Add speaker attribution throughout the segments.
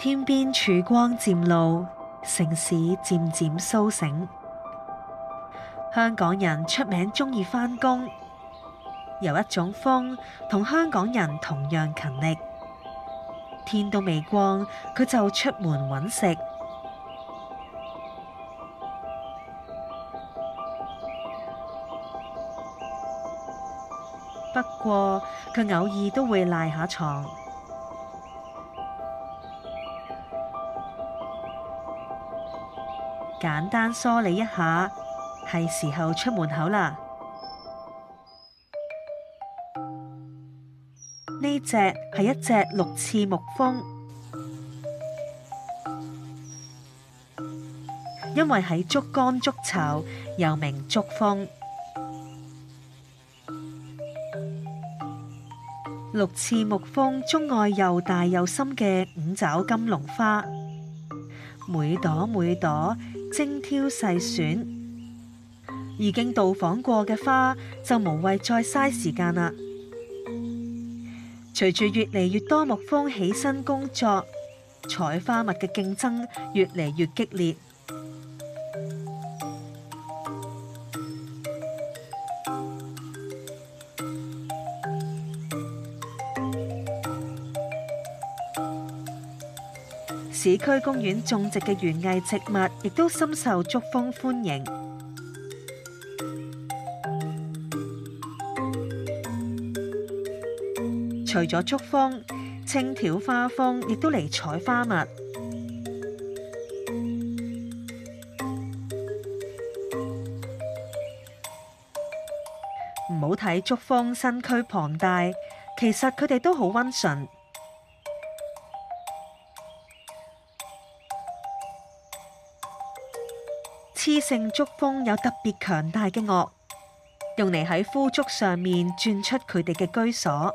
Speaker 1: 天邊曙光漸露，城市漸漸甦醒。香港人出名鍾意返工，有一種蜂同香港人同樣勤力。天都未光，佢就出門揾食。不過佢偶爾都會賴下床。簡單梳理一下，係時候出門口啦。呢隻係一隻綠翅木蜂，因為喺竹竿築巢，又名竹蜂。綠翅木蜂鍾愛又大又深嘅五爪金龍花，每朵每朵。精挑細選，已經到訪過嘅花就無謂再嘥時間啦。隨住越嚟越多木蜂起身工作，採花蜜嘅競爭越嚟越激烈。市區公園種植嘅園藝植物，亦都深受木蜂歡迎。除咗木蜂，青條花蜂亦都嚟採花蜜。唔好睇木蜂身軀龐大，其實佢哋都好温順。雌性竹蜂有特別強大嘅顎，用嚟喺枯竹上面鑽出佢哋嘅居所。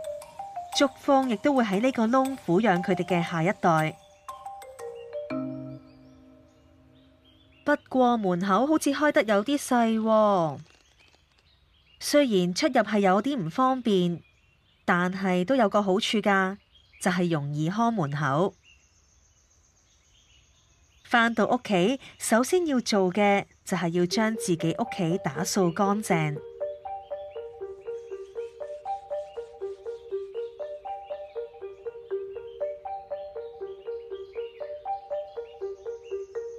Speaker 1: 竹蜂亦都會喺呢個窿撫養佢哋嘅下一代。 不過門口好似開得有啲細喎，雖然出入係有啲唔方便，但係都有個好處㗎，就係、是、容易看門口。返到屋企，首先要做嘅就係要將自己屋企打掃乾淨，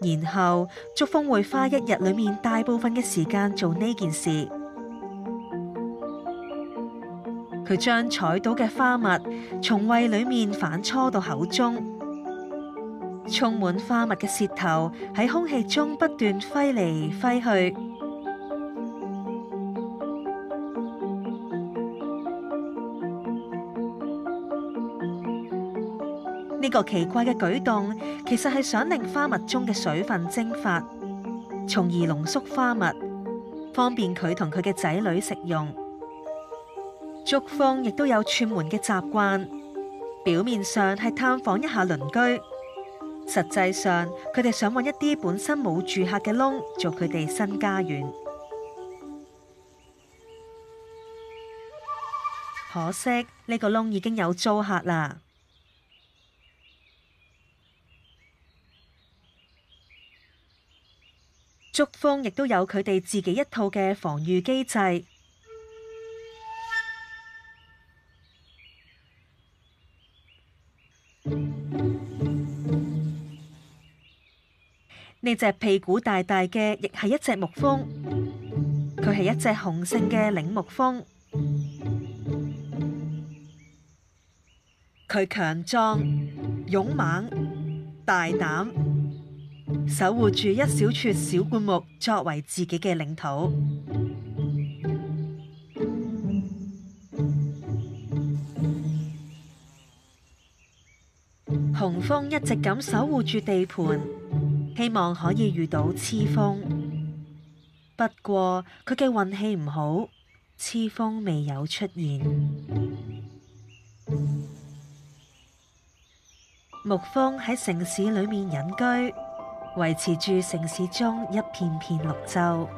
Speaker 1: 然後木蜂會花一日裏面大部分嘅時間做呢件事。佢 將採到嘅花蜜從胃裏面反搓到口中。充滿花蜜嘅舌頭喺空氣中不斷揮嚟揮去，呢個奇怪嘅舉動，其實係想令花蜜中嘅水分蒸發，從而濃縮花蜜，方便佢同佢嘅仔女食用。木蜂亦都有串門嘅習慣，表面上係探訪一下鄰居。實際上，佢哋想揾一啲本身冇住客嘅窿做佢哋新家園。可惜呢個窿已經有租客啦。竹蜂亦都有佢哋自己一套嘅防禦機制。呢隻屁股大大嘅，亦係一隻木蜂。佢係一隻雄性嘅領木蜂。佢強壯、勇猛、大膽，守護住一小撮小灌木作為自己嘅領土。雄蜂一直咁守護住地盤。希望可以遇到雌蜂，不過佢嘅運氣唔好，雌蜂未有出現。木蜂喺城市裏面隱居，維持住城市中一片片綠洲。